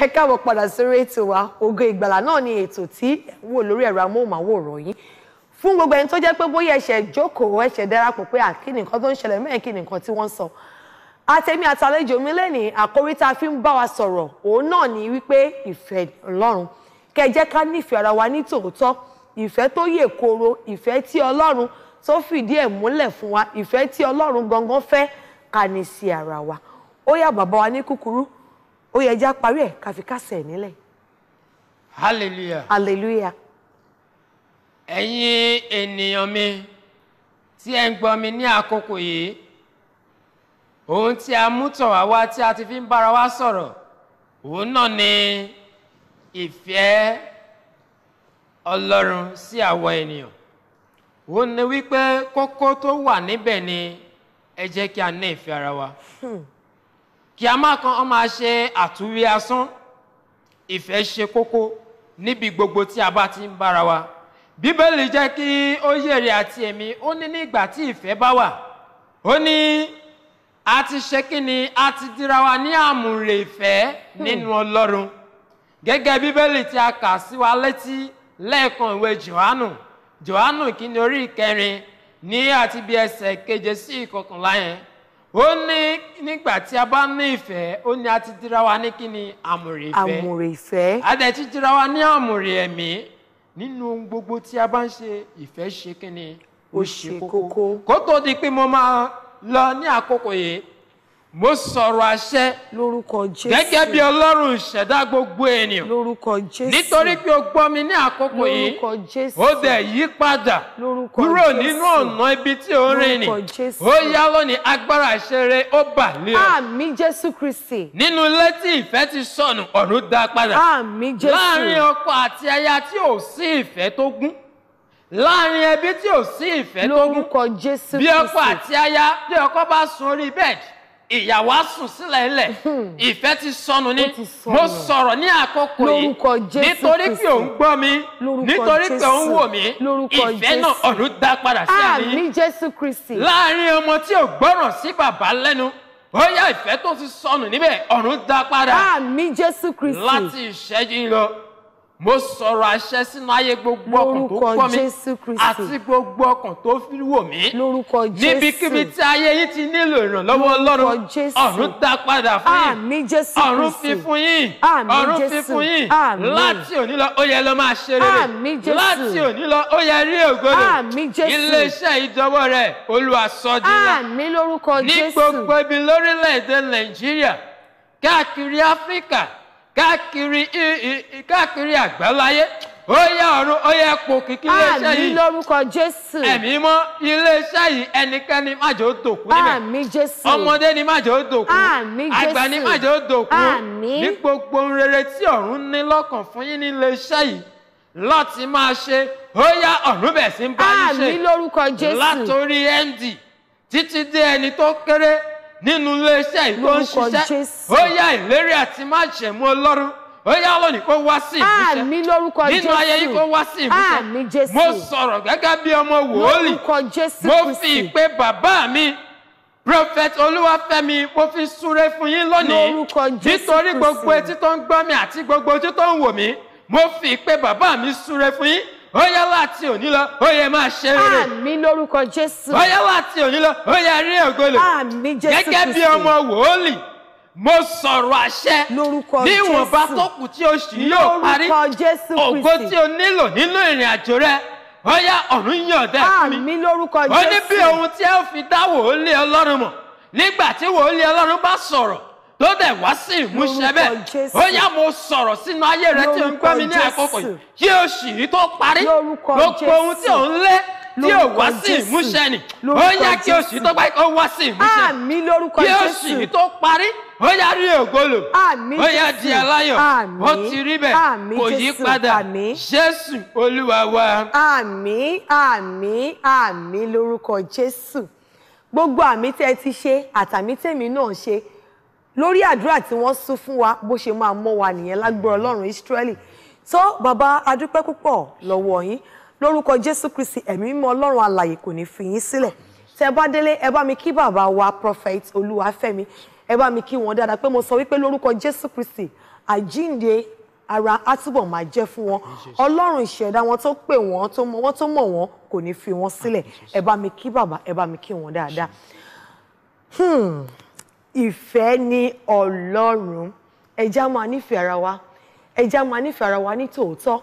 ẹ káàbọ̀ padà sórí ètò wa Ògo Ìgbàlà náà ni ètò tí ẹ ń wò lórí ẹ̀rọ amóhùnmáwòrán yìí fún gbogbo ẹni tó jẹ́ pé bóyá ẹ̀ṣẹ̀ jókòó ẹ̀ṣẹ̀ darapọ̀ pé àkíní nǹkan tó ń ṣẹlẹ̀ mẹ́rin kí nǹkan tí wọ́n ń sọ àtẹ̀mí àtàlejò mi lẹ́nìí àkórí tá a fi ń bá wa sọ̀rọ̀ òun náà ni wípé ìfẹ́ Ọlọ́run kẹ́ jẹ́ ká nífẹ̀ẹ́ ara wa ní tòótọ́ ìfẹ́ tó yè kooro ìfẹ́ tí Ọlọ́run tó fìdí ẹ̀ múlẹ̀ fún wa ìfẹ́ tí Ọlọ́run gangan fẹ́ ká ní sí ara wa ó yá bàbá wa ní kúkúrú ó yẹ ẹja parí ẹ̀ káfí kásẹ̀ nílẹ̀. hallelujah. hallelujah. ẹ̀yin ènìyàn mi tí ẹ ń gbọ́ mi ní àkókò yìí ohun tí a mú tọ̀ wá wá tí a ti fi ń bára wá sọ̀rọ̀ òun náà ni ìfẹ́ ọlọ́run sí àwọ̀ ènìyàn òun ni wípé kókó tó wà níbẹ̀ ni ẹ jẹ́ kí a ní ìfẹ́ ara wa. Hmm. kìámà kan ọ máa ṣe àtúwí asán ìfẹ́ ṣe kókó níbi gbogbo tí a bá ti ń bára wa bíbélì jẹ́ kí ó yèrè àti èmi ó ní nígbà tí ìfẹ́ bá wà ó ní a ti ṣe kí ni a ti dira wa ní àmùrè ìfẹ́ nínú hmm. ọlọ́run gẹ́gẹ́ bíbélì tí a kà sí wa létí lẹ́ẹ̀kan ìwé johannu johannu kìíní orí ìkẹrin ní àti bí ẹsẹ̀ keje sí ìkọkànlá yẹn ó ní nígbà tí a bá ní ìfẹ́ ó ní a ti dira wa ní kí ni àmùrè ìfẹ́ àmùrè ìfẹ́ a dẹ̀ ti dira wa ní àmùrè ẹ̀mí nínú gbogbo tí a bá ń ṣe ìfẹ́ ṣe kí ni ó ṣe kókó kó tó di pé mo máa lọ ní àkókò yìí mo sọ̀rọ̀ àṣẹ lórúkọ jésù gẹ́gẹ́ bí ọlọ́run ìṣẹ̀dá gbogbo ènìyàn lórúkọ jésù nítorí pé o gbọ́ mi ní àkókò yìí lórúkọ jésù ó dẹ̀ yí padà lórúkọ jésù kúrò nínú ọ̀nà ibi tí ó rìn ní ó yá lónìí agbára àṣẹrẹ ó bà lé ọ. àmì jésù kristi. nínú ilé tí ìfẹ́ ti sọnù ọ̀run dá padà. àmì jésù láàrin ọkọ àti aya tí ò sí ìfẹ́ tó gún láàrin ẹbí tí ò sí ìfẹ́ tó gún lórúkọ jésù kristi bí ọkọ àti aya tí ọkọ bá sùn orí bẹ́ẹ̀dì ìyàwó á sùn sílẹ̀ ilẹ̀ hmm. ìfẹ́ ti sọnù ni mo sọ̀rọ̀ ní àkókò yìí nítorí pé òun gbọ́ mi nítorí pé òun wò mí ìfẹ́ náà ọ̀run dá padà sí àmì láàrin ọmọ tí ò gbọ́ràn sí bàbá lẹ́nu bóyá ìfẹ́ tó ti sọnù níbẹ̀ ọ̀run dá padà láti ìṣẹ́jú lọ mo sọ̀rọ̀ àṣẹ sínú ayé gbogbo ọkàn tó gbọ́ mi àti gbogbo ọkàn tó fi wò mí níbikíbi tí ayé yín ti nílò ìrànlọ́wọ́ ọlọ́run ọ̀run dá padà fún yín ọ̀run fi fún yín ọ̀run fi fún yín láti òní lọ ó yẹ lọ máa ṣe rere láti òní lọ ó yẹ rí ògbóni iléeṣẹ́ ìdánwò rẹ̀ olúwa sọ di ńlá ní gbogbo ibi lórílẹ̀‐èdè nàìjíríà káàkiri áfíríkà káàkiri káàkiri àgbáláyé ó ọ̀run ó epo kìkì iléeṣẹ́ yìí àmì lórúkọ jésù ẹ̀mí mọ́ iléeṣẹ́ yìí ẹnikẹ́ni májò dòkú níbẹ̀ àmì jésù ọmọdé ni májò dòkú àmì jésù àgbà ni májò dòkú àmì ní gbogbo rere tí ọ̀run ní lọ́kàn fún yín ní iléeṣẹ́ yìí láti máa ṣe ó ọ̀run bẹ̀ sí ń bá yín ṣe àmì lórúkọ jésù látòrí ẹ́ndì títí dé ẹni tó kéré nínú iléeṣẹ́ ìlú ó ń ṣiṣẹ́ ó yá ìlérí àti má ṣẹ̀mú ọlọ́run ó yá lónìí kó wá sí ìmúṣẹ àmín lórúkọ jésù nínú ayé yìí kó wá sí ìmúṣẹ mo sọ̀rọ̀ gẹ́gẹ́ bí ọmọ wòólì mo fi ìpè bàbá mi prophet olúwafẹ́mi mo fi súre fún yín lónìí nítorí gbogbo etí tó ń gbọ́ mi àti gbogbo ojú tó ń wò mí mo fi ìpè bàbá mi súre fún yín ó yá láti òní lọ ó yẹ máa ṣe rere. àmín lórúkọ jésù. ó yá láti òní lọ ó yẹ rí ògbólè. àmín jésù kristi. gẹ́gẹ́ bí ọmọ wòólì mo sọ̀rọ̀ àṣẹ níwọ̀nba tó kù tí oṣù yóò parí ògo tí o nílò nínú ìrìn àjò rẹ ó yá ọ̀run yọ̀ọ̀dá fún mi ó ní bí ohun tí ẹ fi dá wòólì ọlọ́run mọ̀ nígbà tí wòólì ọlọ́run bá sọ̀rọ̀ tó dẹ̀ wá sí ìmúṣẹ bẹ́ẹ̀ ó yá mo sọ̀rọ̀ sínú ayé rẹ tí ń gbọ́ mi ní àkókò yìí kí o sì rí tó parí gbogbo ohun tí ò ń lé tí ò wá sí ìmúṣẹ nì ó yá kí o sì tó parí ó wá sí ìmúṣẹ kí o sì tó parí ó yá rí ògolo ó yá di aláyọ̀ ó ti rí bẹ́ẹ̀ kò yí padà jésù olúwa wa. àmín àmín àmín lórúkọ jésù gbogbo àmì tẹ́ ti ṣe àtàmì tèmi náà ṣe lórí àdúrà tí wọ́n sún fún wa bó ṣe máa mọ́ wa nìyẹn lágbára ọlọ́run Ísírẹ́lì tó bàbá adúpẹ́ púpọ̀ lọ́wọ́ yín lórúkọ Jésù Kristi ẹ̀mí mímọ́ ọlọ́run alààyè kò ní fi yín sílẹ̀ tẹ bá délé ẹ bá mi kí bàbá wa prophet Olúwafẹ́mi ẹ bá mi kí wọn dáadáa pé mo sọ wípé lórúkọ Jésù Kristi àjíǹde ara á túbọ̀ máa jẹ́ fún wọn ọlọ́run ìṣẹ̀dá wọn tó pè wọ́n tó mọ̀ wọ́n tó mọ̀ wọ́n kò ní fi wọn sílẹ̀ ẹ bá mi kí bàbá ẹ bá mi kí wọn dáadáa. Hmm ìfẹ́ ni ọlọ́run ẹja máa nífẹ̀ẹ́ ara wa ẹja máa nífẹ̀ẹ́ ara wa ní tòótọ́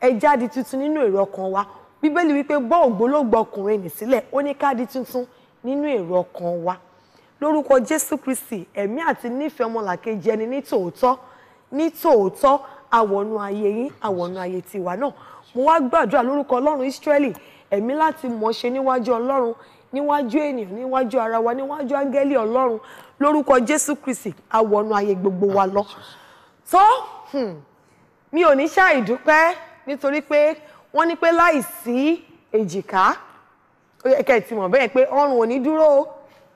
ẹja di tuntun nínú èrò ọkàn wa bíbélì wípé bọ́ ògbólógbò ọkùnrin nì sílẹ̀ ó ní ká di tuntun nínú èrò ọkàn wa lórúkọ jésù kristi ẹ̀mí àti nífẹ̀ẹ́ ọmọlàkejì ẹni ní tòótọ́ ní tòótọ́ àwọ̀nù ayé yín àwọ̀nù ayé tiwa náà mo wá gbàdúrà lórúkọ ọlọ́run ísírẹ́lì ẹ̀mí láti mọ̀ ṣe níwájú ọlọ́run níwájú ènìyàn níwájú ara wa níwájú áńgẹ́lì ọlọ́run lórúkọ jésù kristi àwọnú ayé gbogbo wa lọ tó hmm, mi ò ní ṣàì dúpẹ́ nítorí pé wọ́n ní pé láìsí èjìká ó yẹ kẹ́ ẹ̀ ti mọ̀ bẹ́ẹ̀ pé ọrùn ò ní dúró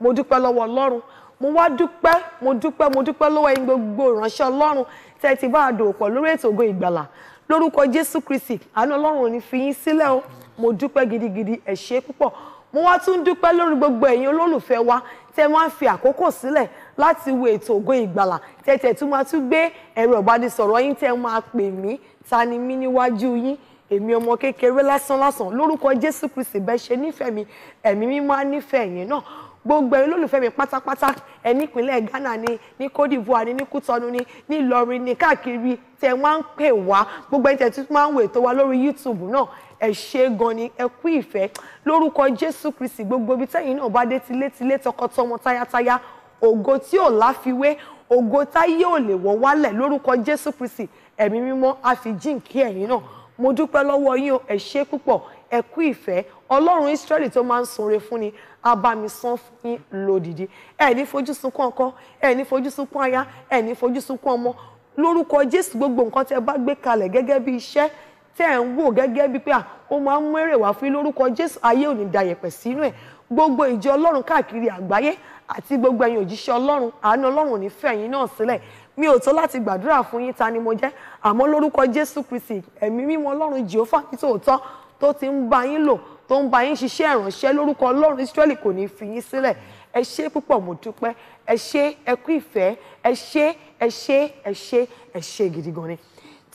mo dúpẹ́ lọ́wọ́ ọlọ́run mo wá dúpẹ́ mo dúpẹ́ mo dúpẹ́ lọ́wọ́ ẹ̀yin gbogbo ìránṣẹ́ ọlọ́run tẹ́ ti bá a dòwò pọ̀ lórí ètò Ògo Ìgbàlà lórúkọ jésù kristi àánú ọlọ́run ò ní fi yín sílẹ̀ o mo dúpẹ́ gidigidi ẹ ṣé púpọ̀ mo wá tún dúpẹ́ lórí gbogbo ẹ̀yin olólùfẹ́ wa tẹ́ máa ń fi àkókò sílẹ̀ láti wo ètò ògo ìgbàlà tẹ́tẹ́ tún máa tún gbé ẹ̀rọ ìbánisọ̀rọ̀ yín tẹ́ máa pè mí ta ni mí níwájú yín èmi ọmọ kékeré lásán lásán lórúkọ jésù kristi bẹ́ẹ̀ ṣe nífẹ̀ẹ́ mi ẹ̀mí mímọ́ á nífẹ̀ẹ́ yín náà gbogbo ẹ̀yin olólùfẹ́ mi pátápátá ẹ̀ nípínlẹ̀ Ghana ni ní Côte d'Ivoire ni ní Kútọ́nù ni ní Ìlọrin ni káàkiri tẹ̀ wá ń pè wá gbogbo ẹ̀yin tẹ̀ tún máa ń wò ètò wa lórí YouTube náà ẹ ṣé gan ni ẹ kú ìfẹ́ lórúkọ jésù kristi gbogbo ibi tẹ́yin náà bá dé tilétilé tọkọtọmọ tayátayá ògo tí ò láfiwé ògo táyé ò lè wọ̀ wálẹ̀ lórúkọ jésù kristi ẹ̀mí mímọ́ àfi jíǹkí ẹ̀yin náà mo dúpẹ́ lọ́wọ́ yín o ẹ ṣé púpọ̀ ẹ kú ìfẹ́ ọlọ́run Ísírẹ́lì tó máa ń sunre fún ni á bá mi san fún yín lódìdí ẹ ní fojú sunkún ọkọ ẹ ní fojú sunkún aya ẹ ní fojú sunkún ọmọ lórúkọ Jésù gbogbo nǹkan tẹ bá gbé kalẹ̀ gẹ́gẹ́ bí iṣẹ́ tẹ́ ẹ̀ ń wò gẹ́gẹ́ bíi pé ó máa ń mú èrè wá fún lórúkọ Jésù ayé ò ní da yẹ̀pẹ̀ sínú ẹ̀ gbogbo ìjọ ọlọ́run káàkiri àgbáyé àti gbogbo ẹ̀yin òjíṣẹ́ ọlọ́run àánú ọlọ́run ò ní fẹ́ ẹ̀yin náà sílẹ̀ mi ò tó láti gbàdúrà fún yín ta ni mo jẹ́ àmọ́ lórúkọ Jésù Kristi ẹ̀mí mímọ́ ọlọ́run Jèhófà ní tòótọ́ tó ti ń bá yín lò tó ń bá yín ṣiṣẹ́ ìrànṣẹ́ lórúkọ ọlọ́run Ísírẹ́lì kò ní fi yín sílẹ̀ ẹ ṣé púpọ̀ mo dúpẹ́ ẹ ṣé ẹ kú ìfẹ́ ẹ ṣé ẹ ṣé ẹ ṣé ẹ ṣé gidi gan ni.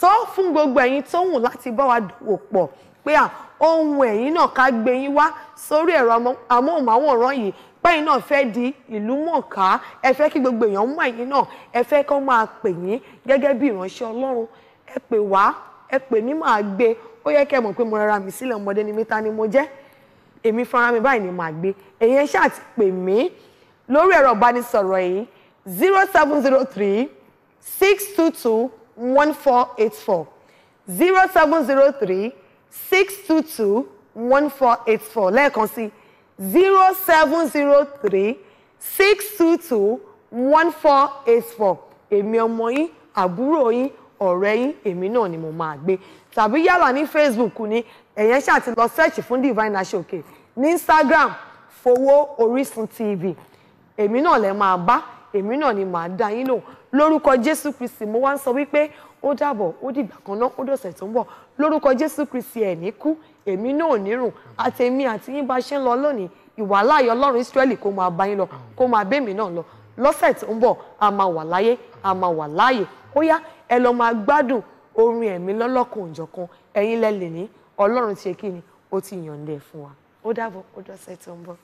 tó fún gbogbo ẹ̀yin tó wù láti bá wa dòwò pọ̀ pé à ohun ẹ̀yin náà ká gbé yín wá sórí ẹ̀rọ amóhùnmáwòrán yìí pẹ́yìn náà fẹ́ di ìlú mọ̀ọ́ká ẹ fẹ́ kí gbogbo èèyàn mọ̀ ẹ̀yin náà ẹ fẹ́ kó máa pè yín gẹ́gẹ́ bí ìránṣẹ́ ọlọ́run ẹ pè wá ẹ pè mí máa gbé ó yẹ kẹ́ mọ̀ pé mo rọra mi sílẹ̀ ọmọdé ni mi ni mo jẹ́ èmi fúnra mi báyìí ni màá gbé èyí ẹ ṣáà ti pè mí lórí ẹ̀rọ ìbánisọ̀rọ̀ yìí zero seven zero three six two two one four eight four zero seven zero three six two two one four eight four lẹ́ẹ̀kan sí zero seven zero three six two two one four eight four èmi ọmọ yín àbúrò yín ọ̀rẹ́ yín èmi náà ni mo máa gbé tàbí yálà ní Facebook ni ẹ̀yẹn ṣáà ti lọ search fún Divine Aṣòkè ní Instagram fowó Orísun TV èmi náà lẹ máa bá èmi náà ni màá dá yín lò lórúkọ Jésù Kristi mo wá ń sọ wípé ó dàbọ̀ ó dìgbà kan náà ó dọ̀sẹ̀ tó ń bọ̀ lórúkọ Jésù Kristi ẹ̀ ní kú èmi náà nírùn àtẹ̀mí àti yín bá ṣe ń lọ lónìí ìwà láàyè Ọlọ́run Ísírẹ́lì kó máa bá yín lọ kó máa bẹ́ẹ̀mí náà lọ lọ́sẹ̀ tó ń bọ̀ a láyé a máa ó yá ẹ lọ máa gbádùn orin ẹ̀mí lọ́lọ́kan òjọ̀kan ẹ̀yin lẹ lè ní ọlọ́run ṣe kí ni ó ti yànde fún wa ó dàbọ̀ ó dọ̀sẹ̀ tó ń bọ̀.